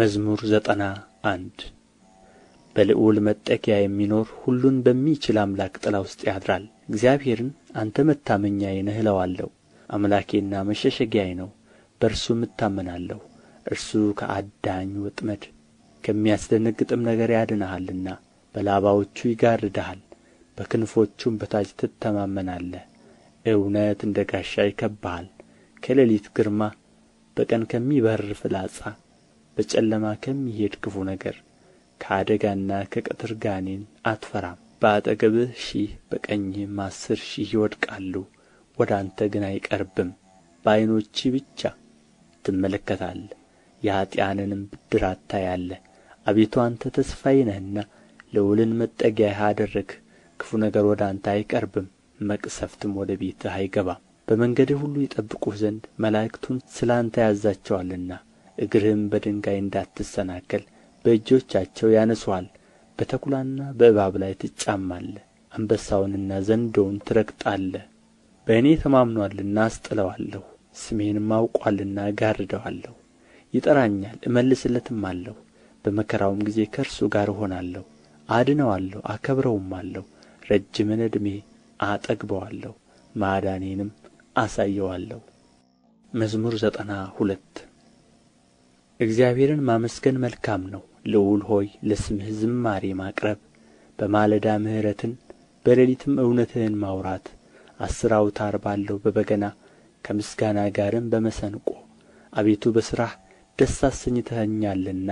መዝሙር ዘጠና አንድ በልዑል መጠጊያ የሚኖር ሁሉን በሚችል አምላክ ጥላ ውስጥ ያድራል። እግዚአብሔርን አንተ መታመኛዬ ነህ እለዋለሁ። አምላኬና መሸሸጊያዬ ነው፣ በእርሱ እታመናለሁ። እርሱ ከአዳኝ ወጥመድ ከሚያስደነግጥም ነገር ያድንሃልና፣ በላባዎቹ ይጋርድሃል፣ በክንፎቹም በታች ትተማመናለህ። እውነት እንደ ጋሻ ይከብሃል፣ ከሌሊት ግርማ፣ በቀን ከሚበርር ፍላጻ በጨለማ ከሚሄድ ክፉ ነገር ከአደጋና ከቅጥር ጋኔን አትፈራም በአጠገብህ ሺህ በቀኝህም አሥር ሺህ ይወድቃሉ ወደ አንተ ግን አይቀርብም በዓይኖችህ ብቻ ትመለከታለ የኃጥኣንንም ብድራት ታያለህ አቤቱ አንተ ተስፋዬ ነህና ልዑልን መጠጊያህ አደረግህ ክፉ ነገር ወደ አንተ አይቀርብም መቅሰፍትም ወደ ቤትህ አይገባም በመንገድህ ሁሉ ይጠብቁህ ዘንድ መላእክቱን ስለ አንተ ያዛቸዋልና እግርህም በድንጋይ እንዳትሰናከል በእጆቻቸው ያነሡሃል በተኵላና በእባብ ላይ ትጫማለህ አንበሳውንና ዘንዶውን ትረግጣለህ በእኔ ተማምኖአልና አስጥለዋለሁ ስሜንም አውቋልና እጋርደዋለሁ ይጠራኛል አለሁ በመከራውም ጊዜ ከእርሱ ጋር እሆናለሁ አድነዋለሁ አከብረውማለሁ ረጅምን ዕድሜ አጠግበዋለሁ ማዳኔንም አሳየዋለሁ መዝሙር ዘጠና ሁለት እግዚአብሔርን ማመስገን መልካም ነው ልዑል ሆይ ለስምህ ዝማሬ ማቅረብ በማለዳ ምሕረትን በሌሊትም እውነትህን ማውራት አሥር አውታር ባለው በበገና ከምስጋና ጋርም በመሰንቆ አቤቱ በሥራህ ደስ አሰኝተኸኛልና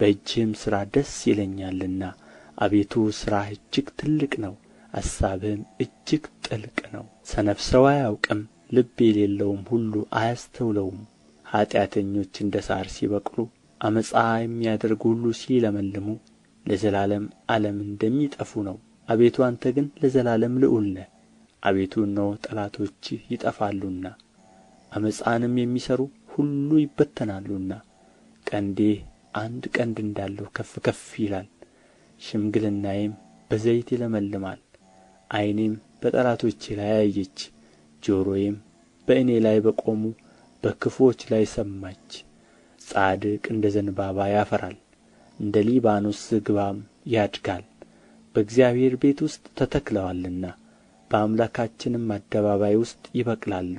በእጅህም ሥራ ደስ ይለኛልና አቤቱ ሥራህ እጅግ ትልቅ ነው አሳብህም እጅግ ጥልቅ ነው ሰነፍ ሰው አያውቅም ልብ የሌለውም ሁሉ አያስተውለውም ኃጢአተኞች እንደ ሣር ሲበቅሉ ዓመፃ የሚያደርጉ ሁሉ ሲለመልሙ ለዘላለም ዓለም እንደሚጠፉ ነው አቤቱ አንተ ግን ለዘላለም ልዑል ነህ አቤቱ እነሆ ጠላቶችህ ይጠፋሉና ዓመፃንም የሚሠሩ ሁሉ ይበተናሉና ቀንዴ አንድ ቀንድ እንዳለው ከፍ ከፍ ይላል ሽምግልናዬም በዘይት ይለመልማል ዓይኔም በጠላቶቼ ላይ አየች ጆሮዬም በእኔ ላይ በቆሙ በክፉዎች ላይ ሰማች ጻድቅ እንደ ዘንባባ ያፈራል እንደ ሊባኖስ ዝግባም ያድጋል በእግዚአብሔር ቤት ውስጥ ተተክለዋልና በአምላካችንም አደባባይ ውስጥ ይበቅላሉ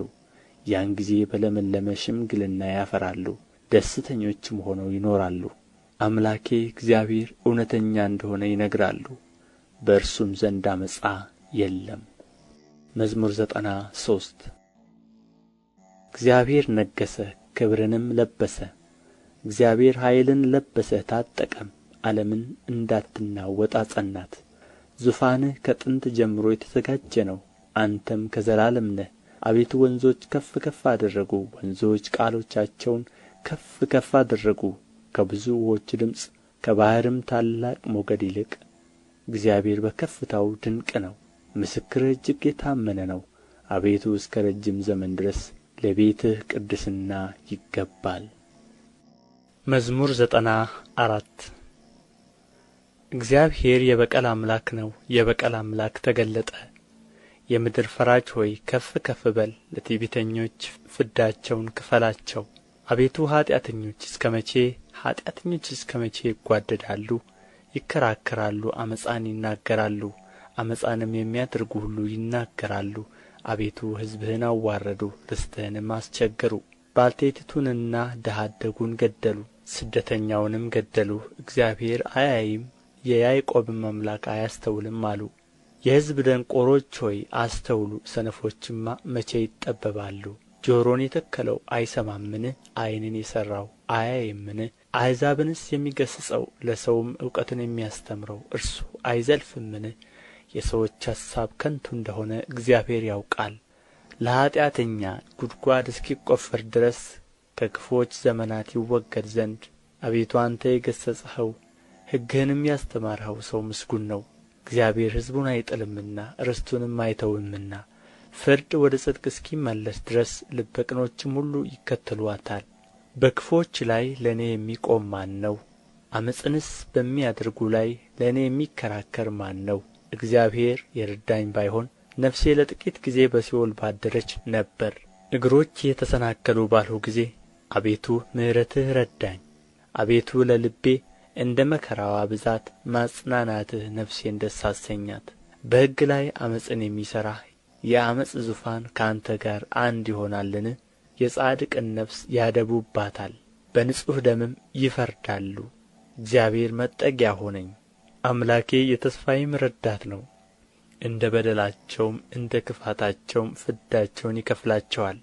ያን ጊዜ በለመለመ ሽምግልና ያፈራሉ ደስተኞችም ሆነው ይኖራሉ አምላኬ እግዚአብሔር እውነተኛ እንደሆነ ይነግራሉ በእርሱም ዘንድ ዓመፃ የለም መዝሙር ዘጠና ሶስት እግዚአብሔር ነገሠ ክብርንም ለበሰ እግዚአብሔር ኃይልን ለበሰ ታጠቀም ዓለምን እንዳትናወጥ አጸናት ዙፋንህ ከጥንት ጀምሮ የተዘጋጀ ነው አንተም ከዘላለም ነህ አቤቱ ወንዞች ከፍ ከፍ አደረጉ ወንዞች ቃሎቻቸውን ከፍ ከፍ አደረጉ ከብዙ ውኆች ድምፅ ከባሕርም ታላቅ ሞገድ ይልቅ እግዚአብሔር በከፍታው ድንቅ ነው ምስክርህ እጅግ የታመነ ነው አቤቱ እስከ ረጅም ዘመን ድረስ ለቤትህ ቅድስና ይገባል መዝሙር ዘጠና አራት እግዚአብሔር የበቀል አምላክ ነው፣ የበቀል አምላክ ተገለጠ። የምድር ፈራጅ ሆይ ከፍ ከፍ በል፣ ለትዕቢተኞች ፍዳቸውን ክፈላቸው። አቤቱ ኀጢአተኞች እስከ መቼ ኀጢአተኞች እስከ መቼ ይጓደዳሉ? ይከራከራሉ፣ ዓመፃን ይናገራሉ፣ ዓመፃንም የሚያደርጉ ሁሉ ይናገራሉ። አቤቱ ሕዝብህን አዋረዱ ርስትህንም አስቸገሩ ባልቴቲቱንና ድሀ አደጉን ገደሉ ስደተኛውንም ገደሉ እግዚአብሔር አያይም የያዕቆብም አምላክ አያስተውልም አሉ የሕዝብ ደንቆሮች ሆይ አስተውሉ ሰነፎችማ መቼ ይጠበባሉ ጆሮን የተከለው አይሰማምን ዐይንን የሠራው አያይምን አሕዛብንስ የሚገሥጸው ለሰውም እውቀትን የሚያስተምረው እርሱ አይዘልፍምን የሰዎች ሐሳብ ከንቱ እንደሆነ እግዚአብሔር ያውቃል ለኃጢአተኛ ጉድጓድ እስኪቈፈር ድረስ ከክፉዎች ዘመናት ይወገድ ዘንድ አቤቱ አንተ የገሠጽኸው ሕግህንም ያስተማርኸው ሰው ምስጉን ነው። እግዚአብሔር ሕዝቡን አይጥልምና ርስቱንም አይተውምና ፍርድ ወደ ጽድቅ እስኪመለስ ድረስ ልበ ቅኖችም ሁሉ ይከተሏታል። በክፉዎች ላይ ለእኔ የሚቆም ማን ነው? አመፅንስ በሚያደርጉ ላይ ለእኔ የሚከራከር ማን ነው? እግዚአብሔር የረዳኝ ባይሆን ነፍሴ ለጥቂት ጊዜ በሲኦል ባደረች ነበር እግሮቼ የተሰናከሉ ባልሁ ጊዜ አቤቱ ምሕረትህ ረዳኝ አቤቱ ለልቤ እንደ መከራዋ ብዛት ማጽናናትህ ነፍሴን ደስ አሰኛት በሕግ ላይ ዓመፅን የሚሠራ የዓመፅ ዙፋን ከአንተ ጋር አንድ ይሆናልን የጻድቅን ነፍስ ያደቡባታል በንጹሕ ደምም ይፈርዳሉ እግዚአብሔር መጠጊያ ሆነኝ አምላኬ የተስፋዬም ረዳት ነው። እንደ በደላቸውም እንደ ክፋታቸውም ፍዳቸውን ይከፍላቸዋል፣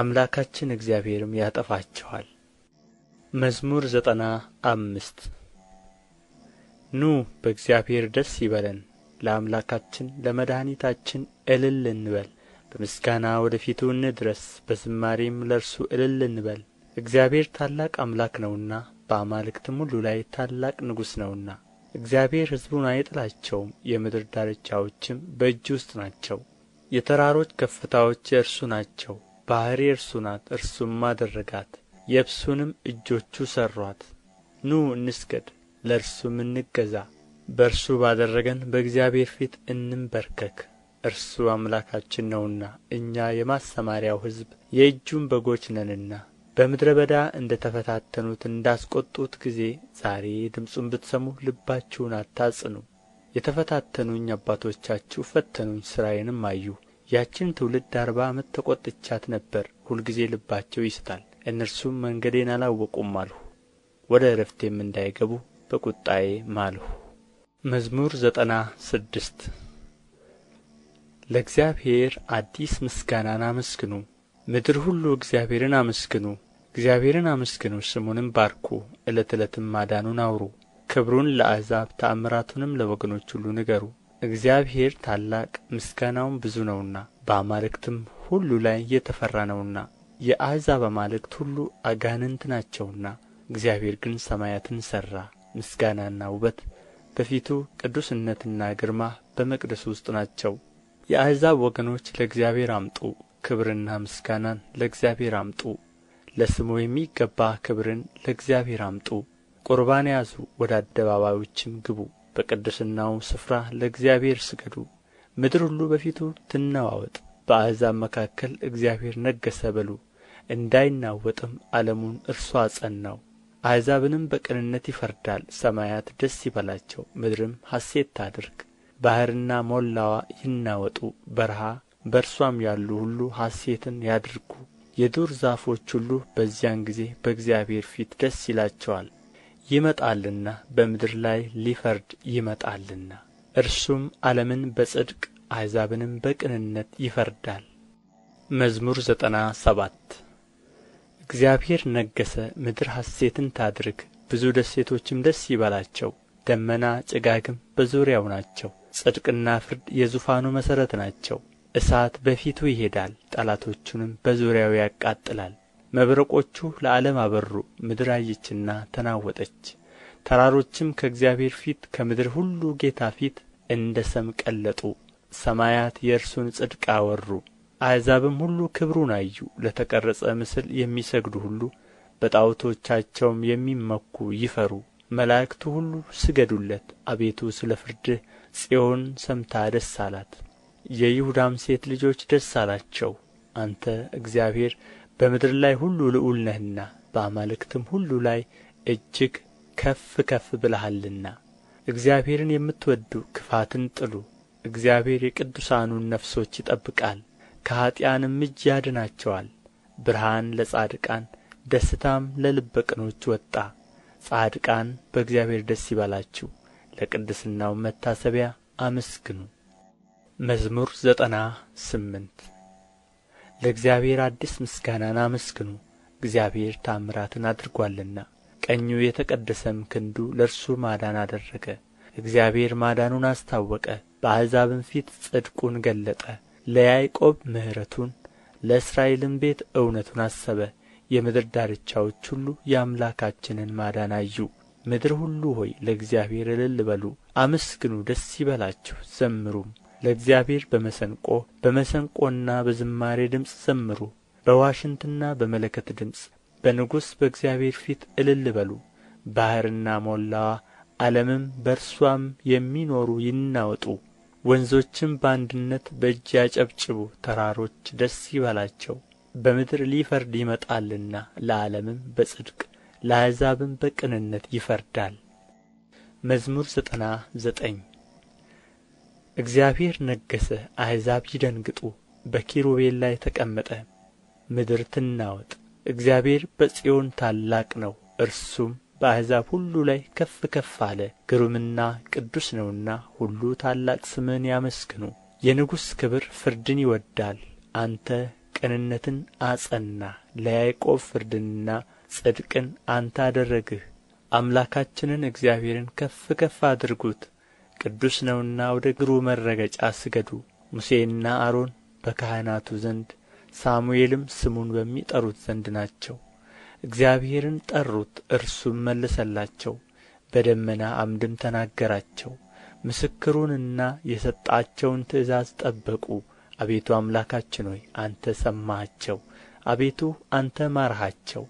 አምላካችን እግዚአብሔርም ያጠፋቸዋል። መዝሙር ዘጠና አምስት ኑ በእግዚአብሔር ደስ ይበለን፣ ለአምላካችን ለመድኃኒታችን እልል እንበል። በምስጋና ወደ ፊቱ እንድረስ፣ በዝማሬም ለእርሱ እልል እንበል። እግዚአብሔር ታላቅ አምላክ ነውና በአማልክትም ሁሉ ላይ ታላቅ ንጉሥ ነውና እግዚአብሔር ሕዝቡን አይጥላቸውም የምድር ዳርቻዎችም በእጁ ውስጥ ናቸው የተራሮች ከፍታዎች የእርሱ ናቸው ባሕር የእርሱ ናት እርሱም አደረጋት የብሱንም እጆቹ ሠሯት ኑ እንስገድ ለእርሱም እንገዛ በእርሱ ባደረገን በእግዚአብሔር ፊት እንንበርከክ እርሱ አምላካችን ነውና እኛ የማሰማሪያው ሕዝብ የእጁም በጎች ነንና በምድረ በዳ እንደ ተፈታተኑት እንዳስቈጡት ጊዜ ዛሬ ድምፁን ብትሰሙ ልባችሁን አታጽኑ። የተፈታተኑኝ አባቶቻችሁ ፈተኑኝ፣ ሥራዬንም አዩ። ያችን ትውልድ አርባ ዓመት ተቈጥቻት ነበር። ሁልጊዜ ልባቸው ይስታል፣ እነርሱም መንገዴን አላወቁም አልሁ። ወደ እረፍቴም እንዳይገቡ በቁጣዬ ማልሁ። መዝሙር ዘጠና ስድስት ለእግዚአብሔር አዲስ ምስጋናን አመስግኑ ምድር ሁሉ እግዚአብሔርን አመስግኑ እግዚአብሔርን አመስግኑ ስሙንም ባርኩ ዕለት ዕለትም ማዳኑን አውሩ ክብሩን ለአሕዛብ ተአምራቱንም ለወገኖች ሁሉ ንገሩ እግዚአብሔር ታላቅ ምስጋናውም ብዙ ነውና በአማልክትም ሁሉ ላይ የተፈራ ነውና የአሕዛብ አማልክት ሁሉ አጋንንት ናቸውና እግዚአብሔር ግን ሰማያትን ሠራ ምስጋናና ውበት በፊቱ ቅዱስነትና ግርማ በመቅደሱ ውስጥ ናቸው የአሕዛብ ወገኖች ለእግዚአብሔር አምጡ ክብርና ምስጋናን ለእግዚአብሔር አምጡ፣ ለስሙ የሚገባ ክብርን ለእግዚአብሔር አምጡ። ቁርባን ያዙ፣ ወደ አደባባዮችም ግቡ፣ በቅድስናው ስፍራ ለእግዚአብሔር ስገዱ። ምድር ሁሉ በፊቱ ትነዋወጥ፣ በአሕዛብ መካከል እግዚአብሔር ነገሠ በሉ። እንዳይናወጥም ዓለሙን እርሱ አጸናው። አሕዛብንም በቅንነት ይፈርዳል። ሰማያት ደስ ይበላቸው፣ ምድርም ሐሴት ታድርግ። ባሕርና ሞላዋ ይናወጡ፣ በረሃ በእርሷም ያሉ ሁሉ ሐሴትን ያድርጉ የዱር ዛፎች ሁሉ በዚያን ጊዜ በእግዚአብሔር ፊት ደስ ይላቸዋል ይመጣልና በምድር ላይ ሊፈርድ ይመጣልና እርሱም ዓለምን በጽድቅ አሕዛብንም በቅንነት ይፈርዳል መዝሙር ዘጠና ሰባት እግዚአብሔር ነገሠ ምድር ሐሴትን ታድርግ ብዙ ደሴቶችም ደስ ይበላቸው ደመና ጭጋግም በዙሪያው ናቸው ጽድቅና ፍርድ የዙፋኑ መሠረት ናቸው እሳት በፊቱ ይሄዳል ጠላቶቹንም በዙሪያው ያቃጥላል መብረቆቹ ለዓለም አበሩ ምድር አየችና ተናወጠች ተራሮችም ከእግዚአብሔር ፊት ከምድር ሁሉ ጌታ ፊት እንደ ሰም ቀለጡ ሰማያት የእርሱን ጽድቅ አወሩ አሕዛብም ሁሉ ክብሩን አዩ ለተቀረጸ ምስል የሚሰግዱ ሁሉ በጣዖቶቻቸውም የሚመኩ ይፈሩ መላእክቱ ሁሉ ስገዱለት አቤቱ ስለ ፍርድህ ጽዮን ሰምታ ደስ አላት የይሁዳም ሴት ልጆች ደስ አላቸው አንተ እግዚአብሔር በምድር ላይ ሁሉ ልዑል ነህና በአማልክትም ሁሉ ላይ እጅግ ከፍ ከፍ ብለሃልና እግዚአብሔርን የምትወዱ ክፋትን ጥሉ እግዚአብሔር የቅዱሳኑን ነፍሶች ይጠብቃል ከኀጢአንም እጅ ያድናቸዋል ብርሃን ለጻድቃን ደስታም ለልበ ቅኖች ወጣ ጻድቃን በእግዚአብሔር ደስ ይበላችሁ ለቅድስናው መታሰቢያ አመስግኑ መዝሙር ዘጠና ስምንት ለእግዚአብሔር አዲስ ምስጋናን አመስግኑ እግዚአብሔር ታምራትን አድርጓልና። ቀኙ የተቀደሰም ክንዱ ለእርሱ ማዳን አደረገ እግዚአብሔር ማዳኑን አስታወቀ በአሕዛብም ፊት ጽድቁን ገለጠ ለያዕቆብ ምሕረቱን ለእስራኤልም ቤት እውነቱን አሰበ የምድር ዳርቻዎች ሁሉ የአምላካችንን ማዳን አዩ ምድር ሁሉ ሆይ ለእግዚአብሔር እልል በሉ አመስግኑ ደስ ይበላችሁ ዘምሩም ለእግዚአብሔር በመሰንቆ በመሰንቆና በዝማሬ ድምፅ ዘምሩ በዋሽንትና በመለከት ድምፅ በንጉሥ በእግዚአብሔር ፊት እልል በሉ ባሕርና ሞላዋ ዓለምም በእርሷም የሚኖሩ ይናወጡ ወንዞችም በአንድነት በእጅ ያጨብጭቡ ተራሮች ደስ ይበላቸው በምድር ሊፈርድ ይመጣልና ለዓለምም በጽድቅ ለአሕዛብም በቅንነት ይፈርዳል መዝሙር ዘጠና ዘጠኝ እግዚአብሔር ነገሠ አሕዛብ ይደንግጡ በኪሩቤል ላይ ተቀመጠ ምድር ትናወጥ እግዚአብሔር በጽዮን ታላቅ ነው እርሱም በአሕዛብ ሁሉ ላይ ከፍ ከፍ አለ ግሩምና ቅዱስ ነውና ሁሉ ታላቅ ስምህን ያመስግኑ የንጉሥ ክብር ፍርድን ይወዳል! አንተ ቅንነትን አጸና ለያዕቆብ ፍርድንና ጽድቅን አንተ አደረግህ አምላካችንን እግዚአብሔርን ከፍ ከፍ አድርጉት ቅዱስ ነውና ወደ እግሩ መረገጫ ስገዱ ሙሴና አሮን በካህናቱ ዘንድ ሳሙኤልም ስሙን በሚጠሩት ዘንድ ናቸው እግዚአብሔርን ጠሩት እርሱም መለሰላቸው በደመና አምድም ተናገራቸው ምስክሩንና የሰጣቸውን ትእዛዝ ጠበቁ አቤቱ አምላካችን ሆይ አንተ ሰማሃቸው አቤቱ አንተ ማርሃቸው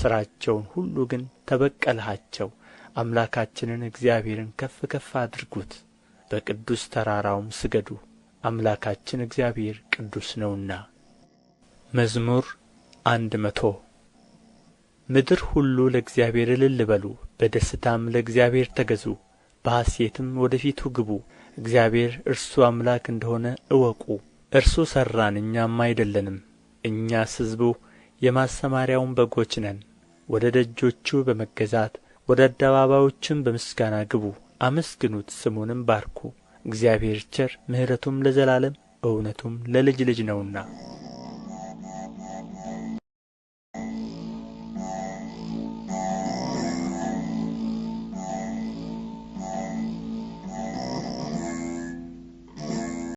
ሥራቸውን ሁሉ ግን ተበቀልሃቸው አምላካችንን እግዚአብሔርን ከፍ ከፍ አድርጉት፣ በቅዱስ ተራራውም ስገዱ፣ አምላካችን እግዚአብሔር ቅዱስ ነውና። መዝሙር አንድ መቶ ምድር ሁሉ ለእግዚአብሔር እልል በሉ፣ በደስታም ለእግዚአብሔር ተገዙ፣ በሐሴትም ወደ ፊቱ ግቡ። እግዚአብሔር እርሱ አምላክ እንደሆነ እወቁ። እርሱ ሠራን፣ እኛም አይደለንም፣ እኛስ ሕዝቡ የማሰማሪያውን በጎች ነን። ወደ ደጆቹ በመገዛት ወደ አደባባዮችም በምስጋና ግቡ አመስግኑት ስሙንም ባርኩ እግዚአብሔር ቸር ምሕረቱም ለዘላለም እውነቱም ለልጅ ልጅ ነውና